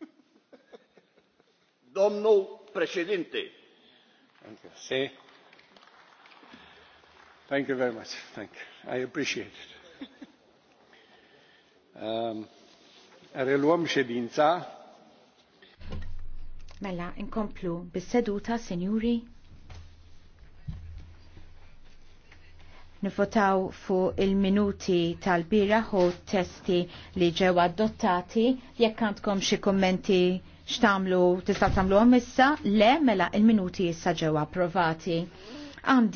Domnul președinte. Thank you. See? Thank you very much. Thank you. I appreciate it. Um, reluăm ședința. Mela, inkomplu bis-seduta, sinjuri. nifotaw fuq il-minuti tal-bira u testi li ġew adottati jekk għandkom xi kummenti x'tamlu, tista' tagħmluhom issa le mela il-minuti issa ġew approvati. Għandi